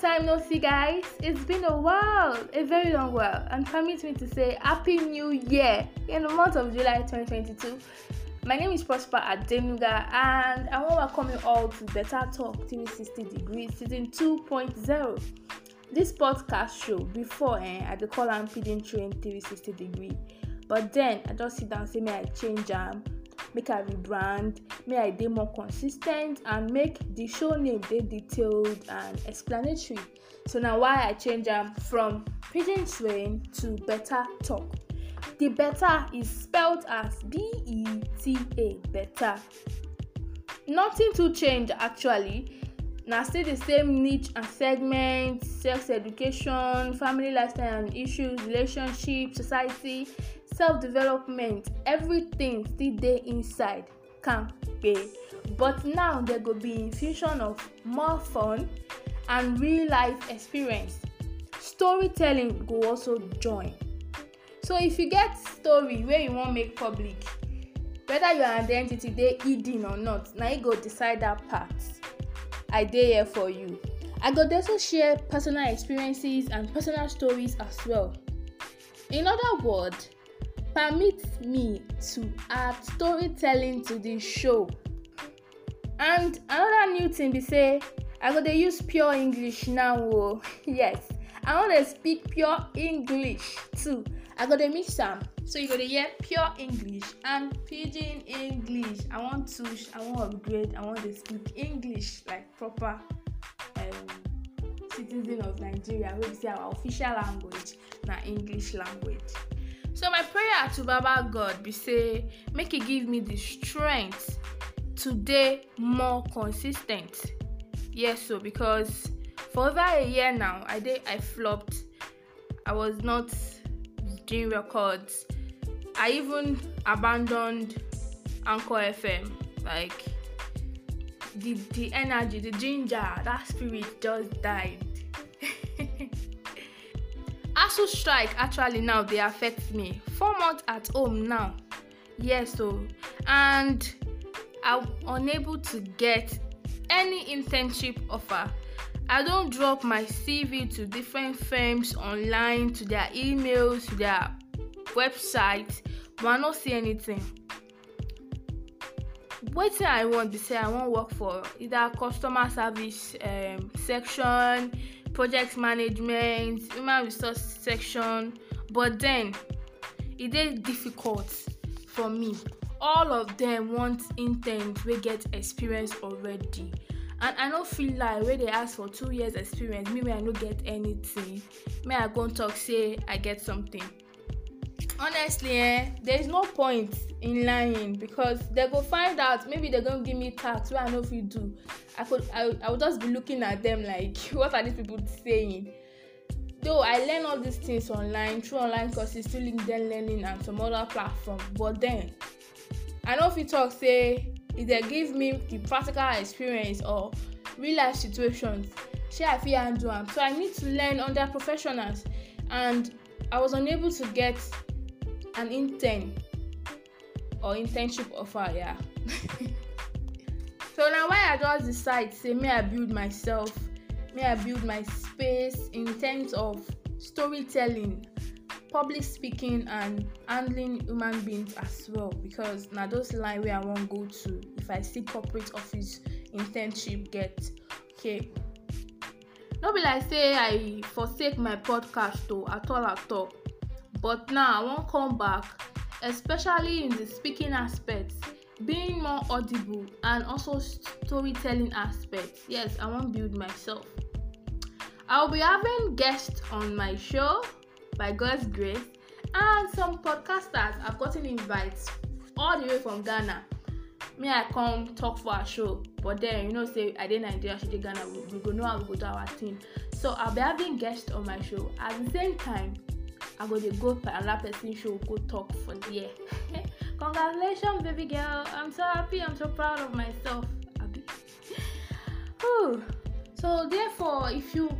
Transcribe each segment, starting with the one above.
time no see, guys. It's been a while, a very long while, and permit me to say Happy New Year in the month of July 2022. My name is Prosper Adenuga, and I want to welcome you all to Better Talk TV 60 Degrees Season 2.0. This podcast show before eh, I dey call am Pidgin Train TV 60 Degree, but then I just sit down say may I change am. Um, make i rebrand make i dey more consis ten t and make the show name dey detailed and explanatory so na why i change am from pidgin train to better talk the better is spelled as b-e-t-a better nothing too change actually na still the same niche and segment sex education family lifestyle and issues relationship society self development everything still dey inside kampe but now there go be infusion of more fun and real life experience storytelling go also join so if you get story wey you wan make public whether your identity dey hidden or not na you go decide that part i dey here for you i go dey also share personal experiences and personal stories as well in other words permit me to add storytelling to the show and another new thing be say i go dey use pure english now o yes i wan dey speak pure english too i go dey mix am so you go dey hear pure english and pidgin english i wan touch i wan upgrade i wan dey speak english like proper um, citizen of nigeria wey be say our official language na english language. So my prayer to Baba God be say make he give me the strength to dey more consistent. Yes so because for over a year now I dey I flopped. I was not doing records. I even abandoned Anchor FM like the the energy, the ginger, that spirit just died. ASUU strike actually now dey affect me four months at home now yes o oh. and i'm unable to get any internship offer i don drop my cv to different firms online to their emails to their website but i no see anything wetin i want be say i wan work for either customer service um, section project management human resource section but then e dey difficult for me all of them want interns wey get experience already and i no feel like wey dey ask for two years experience me wey i no get anything May i come talk say i get something honestly eh there is no point in lying because they go find out maybe they don give me tax wey i no fit do i could, I, i would just be looking at them like what are these people saying though i learn all these things online through online courses through linkedin learning and some other platform but then i no fit talk say e dey give me the practical experience or real life situations shey i fit handle am so i need to learn under professionals and i was unable to get an intern or internship offer yeah so na why i just decide say may i build myself may i build my space in terms of storytelling public speaking and handling human beings as well because na those line wey i wan go to if i see corporate office internship get okay no be like say i forsake my podcast o at all at all But now I wan come back especially in the speaking aspect being more audible and also storytelling aspect. Yes, I wan build myself. I'll be having guests on my show by God's grace and some podcasters have gotten invites all the way from Ghana. May I come talk for a show but then you know say I dey Nigeria she dey Ghana we, we go know how we go do our thing. So I'll be having guests on my show at the same time i go dey go for another person show go talk for there congratulations baby girl i'm so happy i'm so proud of myself abi so therefore if you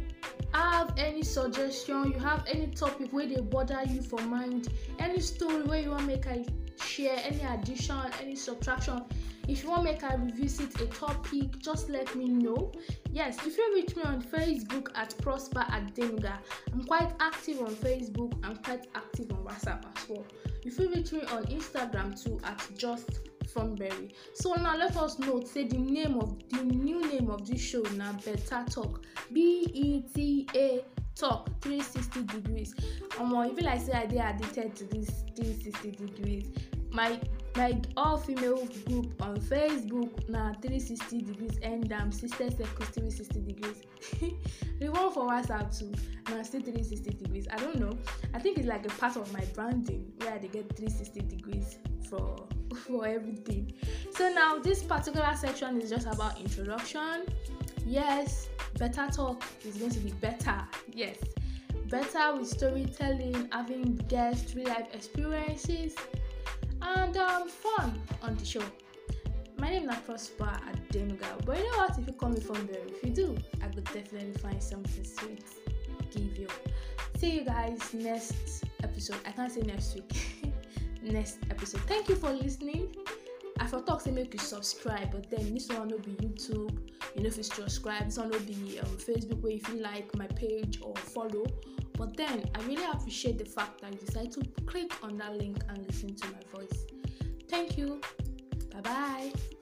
have any suggestion you have any topic wey dey bother you for mind any story wey you wan make i share any addition any subtraction if you wan make i revisit a topic just let me know yes you fit reach me on facebook at prosper adenuga i'm quite active on facebook i'm quite active on whatsapp as well you fit reach me on instagram too at just funberry so now let us note say the name of the new name of this show na beta talk b e t a talk 360 degrees omo e be like say i dey addicted to this 360 degrees my my all female group on facebook na 360 degrees end am sister circles 360 degrees the one for whatsapp too na still 360 degrees i don't know i think it's like a part of my branding where i dey get 360 degrees for for everything so now this particular section is just about introduction yes Better talk is going to be better. Yes. Better with storytelling, having guests, real life experiences, and um, fun on the show. My name is Prosper Adenuga, but you know what? If you call me from there, if you do, I could definitely find something sweet give you. See you guys next episode. I can't say next week. next episode. Thank you for listening. I for talk to make you subscribe, but then this one will be YouTube you know if it's subscribe it's on the um, facebook where you feel like my page or follow but then i really appreciate the fact that you decide to click on that link and listen to my voice thank you bye bye